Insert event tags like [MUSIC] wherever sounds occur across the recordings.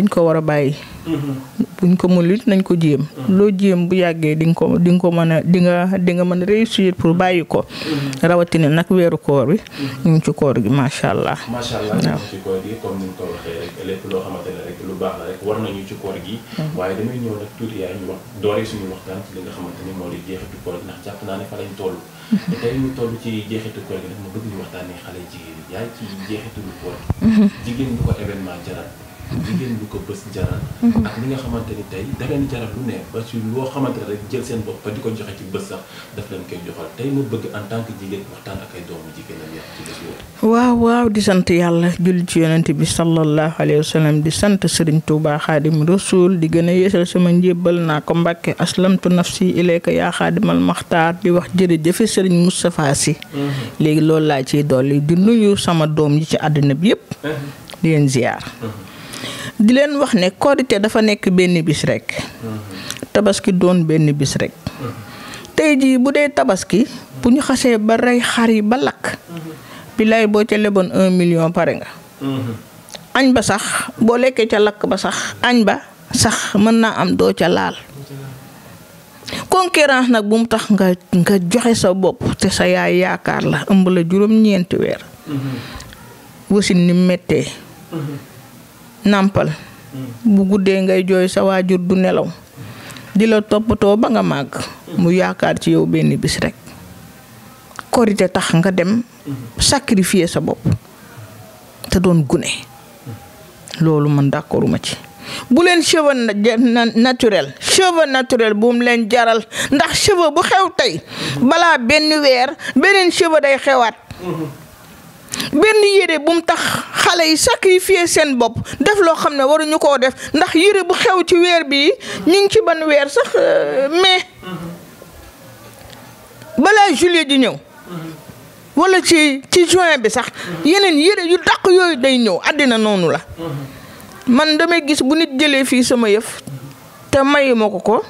dañ ko war a bàyyi. buñ ko mënul nañ ko jéem. loo jéem bu yàggee di nga ko di ko mën a di nga di nga mën a réussir pour bàyyi ko. rawatina nag weeru koor bi. ci koor gi macha allah. macha allah ñu ngi ci koor gi comme ko lu baax la rek war nañu ci koor gi. Mm-hmm. waaye damay ñëw nag tuuti yaay ñu wax doore suñu waxtaan ci li nga xamante moo di jeexitu koor gi ndax mu mm-hmm. bëgg ñu waxtaanee xale jigéen yaay ci jeexitu koor mm-hmm. gi. jigéen mhm. di waaw waaw di sant yàlla jull ci yonent bi sallallahu alayhi wa di sant Serigne Touba Xaadim Rasul di gën a yeesal sama njébbal naa ko Mbàkke aslamtu nafsi ilayka yaa xaadimal maxtaar di wax jërëjëfe Serigne Moustapha Sy. Mhm. léegi loolu laa ciy dolli di nuyu sama doom yi ci àddina bi yëpp. Mhm. leen ziar. di leen wax ne korite dafa nekk benn bis rek tabaski doon benn bis rekk tey jii bu dee tabaski bu ñu xasee ba rey xar yi ba lakk bilaay boo ca leboon un million pare nga añ ba sax boo lekkee ca lakk ba sax añ ba sax mën naa am doo ca laal concurrence nag bu mu tax nga nga joxe sa bopp te sa yaay yaakaar la ëmb la juróom-ñeenti weer mm-hmm. wasin ni mettee mm-hmm. nàmpal bu guddee ngay jooy sa waajur du nelaw di la toppatoo ba nga màgg mu yaakaar ci yow benn bis rek korite tax nga dem sacrifier sa bopp te doon gune loolu man d'accorduma ci bu leen cheveux naturel cheveux naturel bu mu leen jaral ndax cheveux bu xew tey balaa benn weer beneen cheveux day xewaat benn yére bu mu tax xale yi yi sacrifier seen bopp def loo xam ne waruñu koo def ndax yére bu xew ci weer bi ñu ngi ci ban weer sax euh, mais balaa juillet di ñëw wala ci ci juin bi sax yeneen yére yu dàq yooyu day ñëw àddina noonu la man damay gis bu nit jëlee fii sama yëf te mayuma ko ko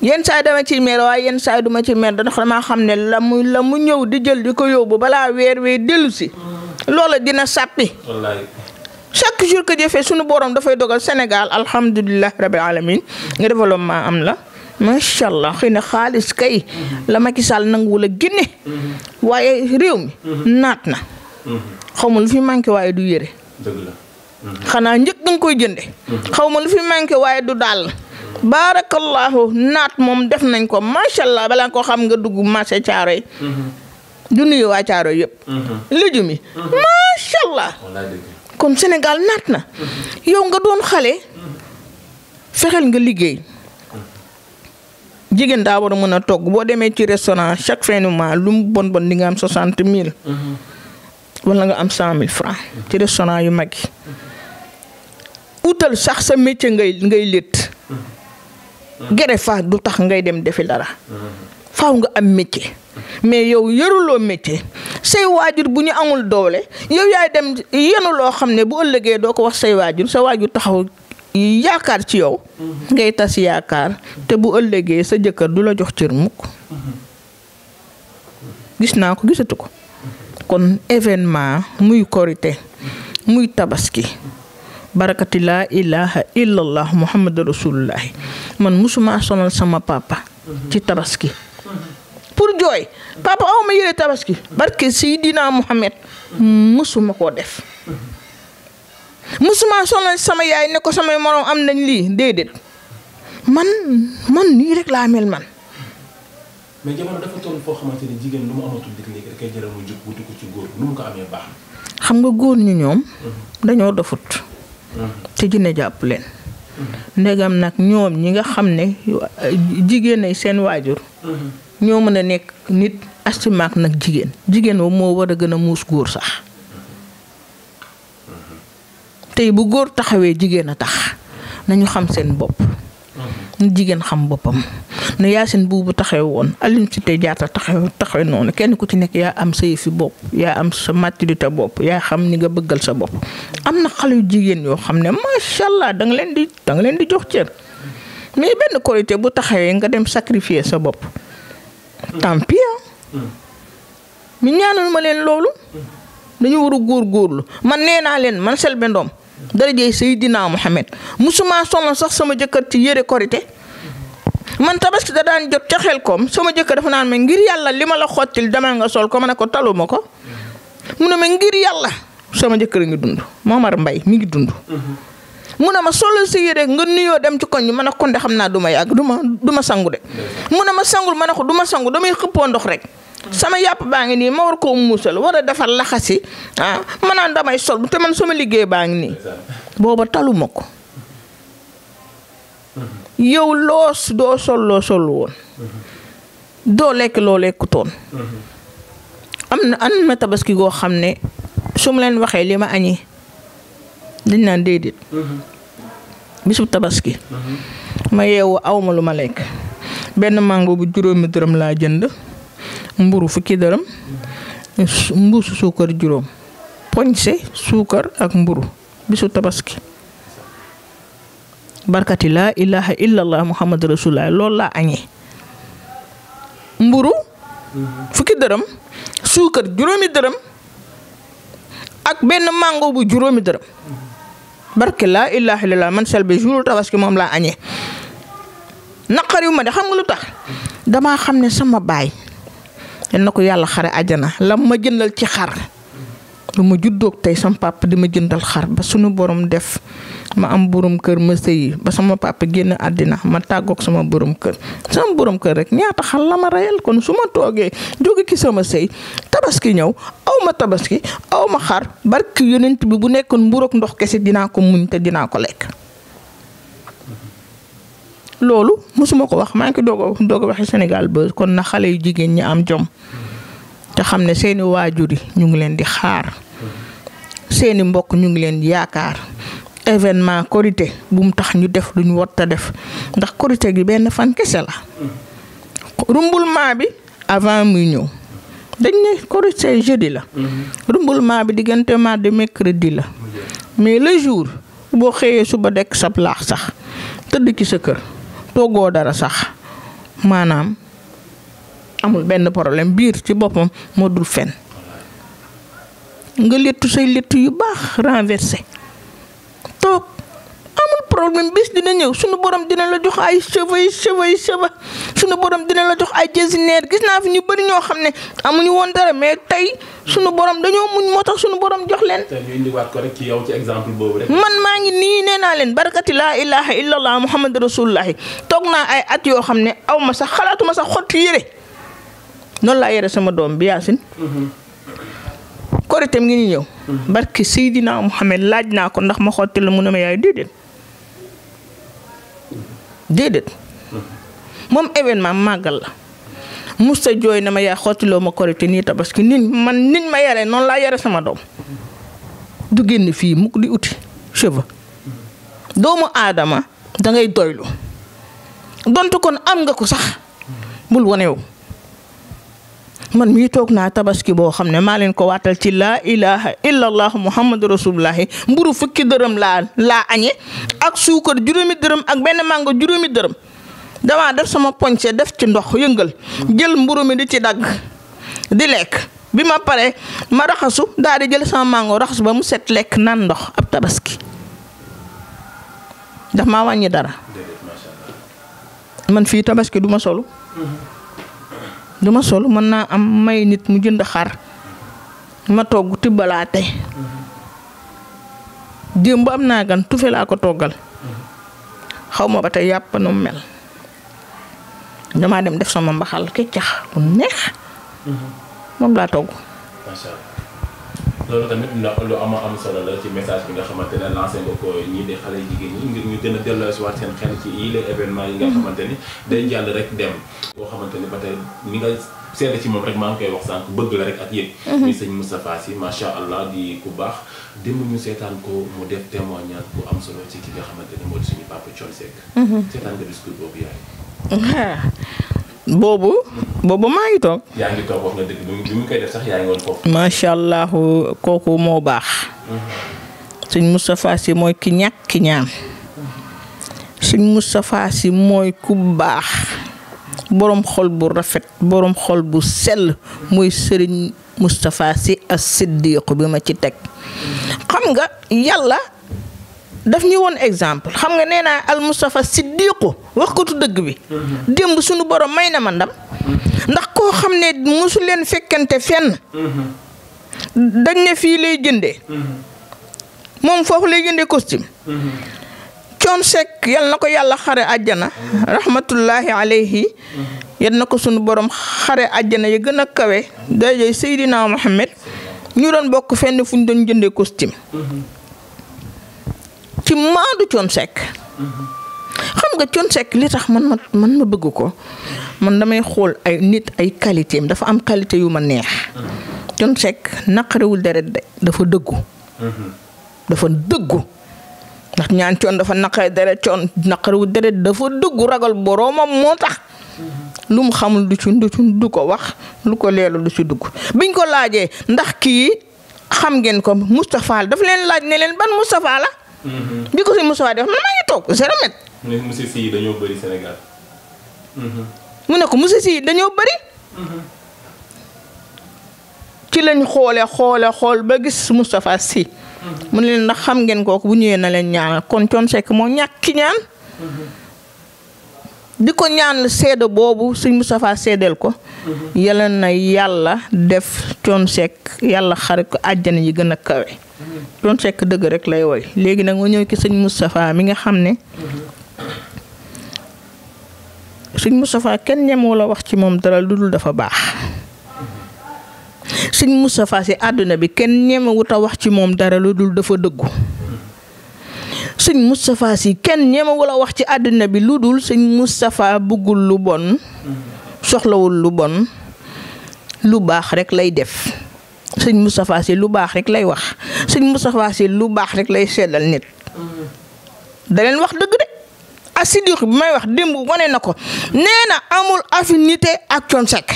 yenn saay dama ciy mer waaye yenn saay duma ci mer ndax damaa xam ne la mu la mu ñëw di jël di ko yóbbu balaa weer weer dellu si loola dina sàppi chaque jour que jëfee suñu borom dafay dogal Sénégal alhamdulilah rabil alamin nga développement am la macha allah xëy na xaalis kay la Macky Sall nanguwul a génne waaye réew mi naat na xaw ma lu fi manqué waaye du yére xanaa njëkk nga koy jënde ma lu fi manqué waaye du dàll baarakallaahu naat moom def nañ ko macha allah balaa ko xam nga dugg marché caaro yi. Mhm. du nuyu waa caaro yëpp. lujum yi. macha allah. kon Sénégal naat na. Mhm. yow nga doon xale. Mhm. fexeel nga liggéey. jigéen daa war a mën a togg boo demee ci restaurant chaque fin du mois lu mu bon bon di nga am soixante mille. wala nga am cent mille francs ci restaurant yu mag yi. utal sax sa métier ngay ngay létt. gere fa du tax ngay dem defi dara faaw nga am métier mais yow yoruloo métier say waajur bu ñu amul doole yow yaay dem yenu loo xam ne bu ëllëgee doo ko wax say waajur sa waajur taxaw yaakaar ci yow ngay tas yaakaar te bu ëllëgee sa jëkkër du la jox cër mukk gis naa ko gisatu ko kon événement muy korite muy tabaski barakati laa ilaha illallah muhammad rasulullahi man musuma sonal sama papa. ci tabaski. pour jooy papa aw ma yére tabaski. barke Seydina Mohamed. musuma koo def. musuma sonal sama yaay ne ko samay morom am nañ lii déedéet man man nii rek laa mel man. mu amatul xam nga góor ñu ñoom. Mm-hmm. dañoo dofut. Mm-hmm. te dina jàpp leen. ndegam nag ñoom ñi nga xam ne jigéen ay seen waajur. ñoo mën a nekk nit astimaak nag jigéen jigéen boobu moo war a gën a muus góor sax tey bu góor taxawee jigéen a tax nañu xam seen bopp. nu jigéen xam boppam nu yaasin buubu taxaw woon Aline Sitoé Diatta taxaw taxaw noonu kenn ku ci nekk yaa am sa yëfi bopp yaa am sa maturité bopp yaa xam ni nga bëggal sa bopp. am na xale yu jigéen yoo xam ne macha allah da nga leen di da nga leen di jox cër mais benn korité bu taxawee nga dem sacrifier sa bopp tant pis mi ñaanal ma leen loolu dañu war góor góorlu man nee naa leen man Selbé Ndom darajey Seydina Muhammad musuma sonal sax sama jëkkër ci yére korité man tabaski da daan jot ca xel koom sama jëkkër dafa naan ma ngir yàlla li ma la xottil demal nga sol ko ma ne ko taluma ko mu ne ma ngir yàlla sama jëkkër a ngi dund Momar Mbay mi ngi dund mu ma solo si yére nga nuyoo dem ci koñ bi ma ne kon de xam naa du ma yàgg du ma du ma sangu de mu ne ma sangul ma ne ko du ma sangu damay xëppoo ndox rek sama yàpp baa ngi nii ma war koo muusal war a defar laxasi ah ma naan damay sol te man sama liggéey baa ngi nii booba taluma ko yow loo doo sol loo woon doo lekk loo lekkutoon am na am na tabaski goo xam ne su ma leen waxee li ma añee dañ naan déedéet bisu tabaski mm-hmm. ma yeewu awma lu ma lekk benn mango bu juróomi dërëm laa jënd mburu fukki dërëm mbuusu suukar juróom poñse suukar ak mburu bisu tabaski barkati laa ilaha illallah muhammad rasulullah loolu laa añee mburu fukki dërëm suukar juróomi dërëm ak benn màngoo bu juróomi dërëm barke laa ilaha illallah man Selbé jour tabaski moom laa añee naqariw ma de xam nga lu tax dama xam ne sama baay yal na ko yàlla xare àjjana lam ma jëndal ci xar lu ma juddoog tey sama pàpp di ma jëndal xar ba suñu borom def ma am borom kër ma sëyi ba sama papa génn àddina ma tàggook sama borom kër sama borom kër rek ñaata xar la ma reyal kon su ma toogee jóge ki sama sëy tabaski ñëw aw ma tabaski awma ma xar barki yonent bi bu nekkoon mburook ndox kese dinaa ko muñ te dinaa ko lekk loolu mosuma ko wax maa ngi ko doog ko doog waxee Sénégal Buzz kon na xale yu jigéen ñi am jom te xam ne seeni waajur yi ñu ngi leen di xaar seeni mbokk ñu ngi leen yaakaar événement korité bu mu tax ñu def lu ñu war def ndax korité gi benn fan kese la rumbulement bi avant muy ñëw dañ ne korité jeudi la rumbulement bi diggante mardi mercredi la mais le jour boo xëyee suba dekk sab laax sax tëdd ki sa kër toggoo dara sax maanaam amul benn problème biir ci boppam moo dul fen nga léttu say létt yu baax renversé problème bis dina ñëw suñu borom dina la jox ay cheveux yi cheveux yi cheveux borom dina la jox ay jasineer gis naa fi ñu bëri ñoo xam ne amuñu woon dara mais tey sunu borom dañoo muñ moo tax sunu borom jox leen. tey ñu indiwaat man maa ngi nii nee naa leen barkati laa ilaha illallah muhammad rasulullahi toog naa ay at yoo xam ne aw ma sax xalaatuma sax xott yére noonu laa yére sama doom bi yaasin. Mm-hmm. koriteem ngi ñu ñëw. Mm-hmm. barki Seydina Mohamed laaj naa ko ndax ma xotti la mu ne ma yaay déedéet moom événement màggal la musta jooy na ma yaa xottiloo ma korite nii tabaski nit man nit ma yare noonu laa yare sama doom du génn fii mukk di uti cheveux doomu aadama dangay doylu donte kon am nga ko sax bul wonewu man mi toog naa tabaski boo xam ne maa leen ko waatal ci laa ilaha illallah muhammadu rasulullahi mburu fukki dërëm laa laa añe ak suukar juróomi dërëm ak benn mango juróomi dërëm damaa def sama poñse def ci ndox yëngal jël mburu mi di ci dagg di lekk bi ma pare ma raxasu daal di jël sama mango raxasu ba mu set lekk naan ndox ab tabaski daf maa wàññi dara man fii tabaski duma solu mm-hmm. du sol mën naa am may nit mu jënd xar ma togg tibbalaate démb am naa gan tufe laa ko toggal xaw ma ba te yàpp nu mel dama dem def sama mbaxal keccax bu neex mhm. moom laa togg. loolu tamit lu am am solo la ci message bi nga xamante ne lancé nga ko ñii di xale jigéen ñi ngir ñu gën a delloosiwaat seen xel ci yii les yi nga mhm. xamante ni day jàll rek dem boo xamante ni ba tey ni nga seede ci moom rek maa ngi koy wax sànq bëgg la rek ak yëpp ñu mhm. sëñ Moustapha Sy macha allah di ku baax démb ñu seetaan ko mu def témoignage bu am solo ci ki nga xamante ne moo di suñu papa Thione Seck mhm. seetaan nga discours boobu yaay [LAUGHS] boobu boobu maa ngi toog. yaa ngi kooku moo baax. suñ Moustapha si mooy ki ñàkk ñaan. suñ Moustapha si mooy ku baax. boroom xol bu rafet boroom xol bu sell muy Serigne Moustapha si as bi ma ci teg. xam nga yàlla daf ñu woon exemple xam nga nee al Moustapha Sy siddiqu wax ko tu dëgg bi démb suñu borom may na ma ndam ndax koo xam ne mosu leen fekkante fenn dañ ne fii lay jëndee moom foofu lay jëndee costume coon sekk yal na ko yàlla xare àjjana rahmatullahi alayhi yal na ko sunu borom xare àjjana ya gën a kawe dajay Seydina Muhammad ñu doon bokk fenn fu ñu doon jëndee costume ci maandu coon xam nga Thione Seck li tax man ma man ma bëgg ko man damay xool ay nit ay qualité dafa am qualité yu ma neex. Thione Seck naqarewul deret de dafa dëggu. dafa dëggu. ndax ñaan coon dafa naqare deret coon naqarewul deret dafa dëggu ragal boroomam moo tax. lu mu xamul du ci du ci du ko wax lu ko leelu lu ci dugg biñ ko laajee ndax kii xam ngeen ko Moustapha daf leen laaj ne leen ban Moustapha la. Mm-hmm. bi ko si Moustapha di wax man maa ngi toog zéro Mhm. mu ne ko monsieur Sy dañoo bari mhm. ci lañ xoole xoole xool ba gis Moustapha Sy. Mhm. mu ne leen ndax xam ngeen kooku bu ñëwee na leen ñaanal kon Thione moo ñàkki ñaan. di ko ñaan seede boobu suñ Moustapha seedeel ko. yàlla na yàlla def Thione Seck yàlla xare ko àjjana yi gën a kawe. Thione dëgg rek lay woy léegi nag ma ñëw ci sëñ Moustapha mi nga xam ne. sëñ Moustapha kenn ñemoo la wax ci moom dara lu dul dafa baax sëñ Moustapha si àdduna bi kenn ñemewut a wax ci moom dara lu dul dafa dëggu sëñ Moustapha si kenn ñemewul a wax ci àddina bi lu dul sëñ Moustapha buggul lu bon soxlawul lu bon lu baax rek lay def sëñ Moustapha si lu baax rek lay wax sëñ Moustapha si lu baax rek lay seddal nit da wax dëgg de assidur bi may wax démb wane na ko nee na amul affinité ak Thione Seck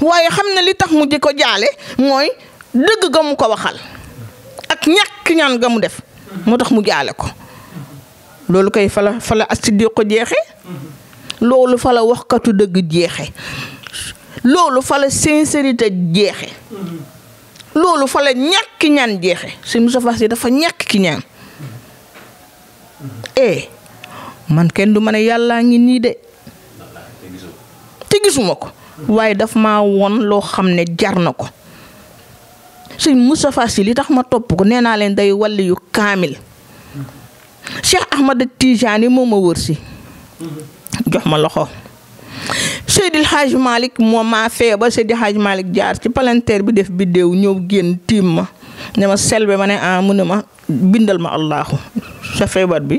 waaye xam ne li tax mu di ko jaale mooy dëgg ga mu ko waxal ak ñàkk ñaan ga mu def moo tax mu jaale ko loolu koy fala fala assidur ko jeexe loolu fala waxkatu dëgg jeexe loolu fala sincérité jeexe loolu fala ñàkk ñaan jeexe si Moustapha Sy dafa ñàkk ki ñaan eh man kenn du ma ne yàllaa ngi nii de te gisuma ko waaye dafa maa won loo xam ne jar na ko sëñ Moustapha Sy li tax ma topp ko nee naa leen day wàll yu kaamil Cheikh Ahmad Tijaani moo ma wër si jox ma loxo Seydil Hadj Malick moo maa fee ba Seydil Hadj jaar ci palanteer bi def biddéew ñëw génn tiim ma ne ma selbe ma ne ah ne ma bindal ma allahu sa feebar bi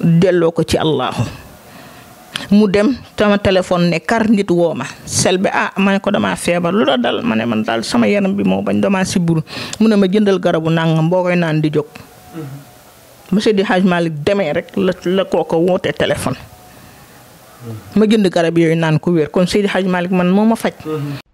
delloo ko ci allahu mu dem sama téléphone ne kar nit woo ma Selbé ah ma ne ko damaa feebar lu la dal ma ne man daal sama yaram bi moo bañ damaa sibbiru mu ne ma jëndal garabu nangam boo koy naan di jóg monsieur di Hadj Malick demee rek la la kooko wootee téléphone ma jënd garab yooyu naan ku wér kon Seydi Hadj Malick man moo ma faj